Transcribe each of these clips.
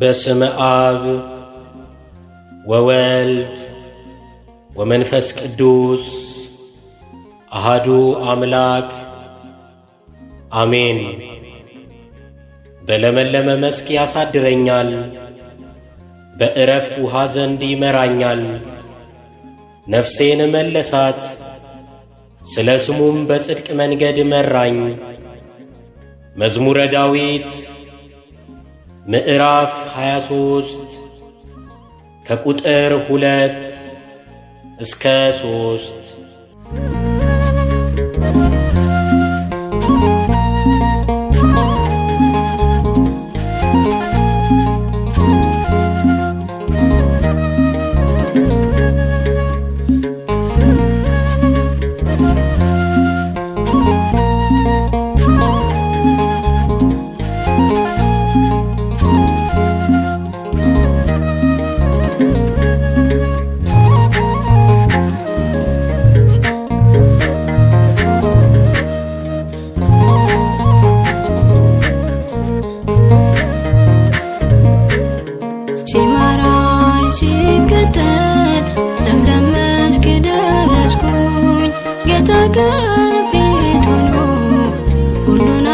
በስመ አብ ወወልድ ወመንፈስ ቅዱስ አሃዱ አምላክ አሜን። በለመለመ መስክ ያሳድረኛል፣ በእረፍት ውሃ ዘንድ ይመራኛል። ነፍሴን መለሳት፣ ስለ ስሙም በጽድቅ መንገድ መራኝ። መዝሙረ ዳዊት ምዕራፍ 23 ከቁጥር ሁለት እስከ ሦስት ቤቱን ሁሉን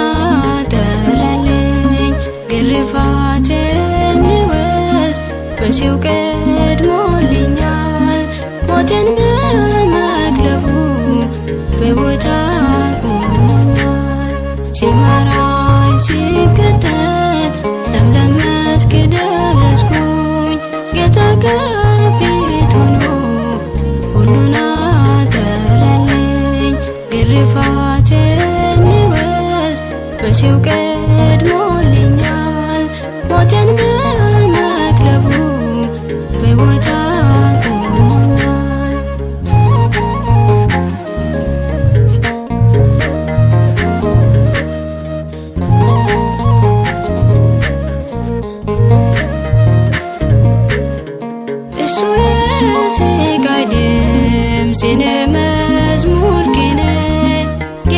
መሲው ቀድሞልኛል ሞቴን በመግለፉ በቦታ ቆሟል ሲመራኝ ሲከተል ለምለም መስክ ደረስኩኝ ጌታ ግርፋቴን ሊወስድ መቼው ቀድሞልኛል ሞቴን በመቅለቡ በሞት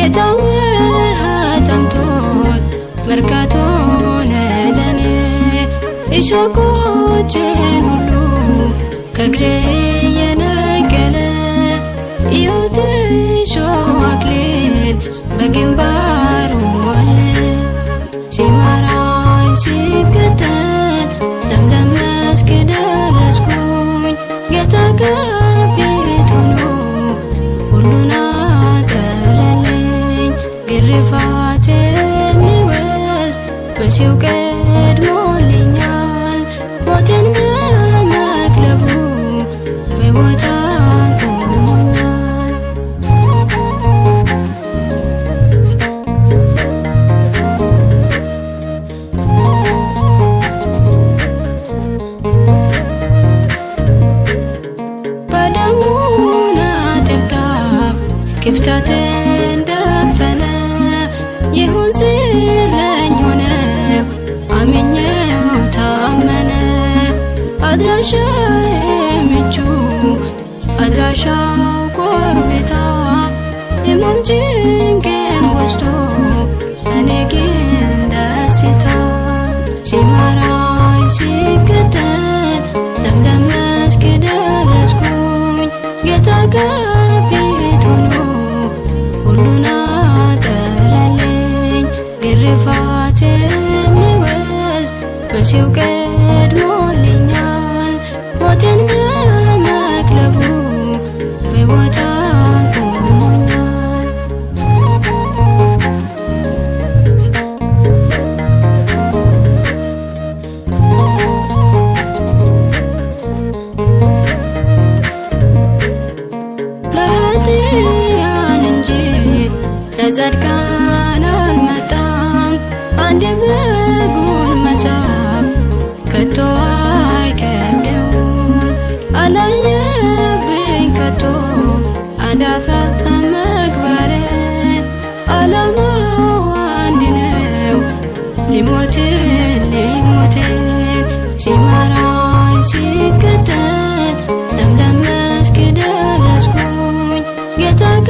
ጌታው አጠምቶት መርካቶ ሁሉ ከእግሬ የነቀለ አንቺው ገድሎልኛል ሞትን በመቅለቡ በቦታ ቆሞኛል። በደሙና ጥብጣብ ክፍተትን ደፈነ ይሁን ስለ አምኜው ታመነ አድራሻዬ ምቹ አድራሻው ጎርቤታ የማም ጭንቄን ወስዶ እኔ ግን ደስታ ሲመራኝ ሲከተል ለምለም መስክ ደረስኩኝ ጌታ ከፊት ሆኖ ሁሉን አጠረልኝ ግርፋቴ ሲው ቀድሞልኛል ሞትን በመቅለቡ በቦታ ቆሞኛል። ለኃጥአን እንጂ ለጻድቃን አልመጣም አንድ በጉን መሳ ሊሞትን ሊሞትን ሲመራኝ ሲከተል ለምለም መስክ ደረስኩኝ ጌታ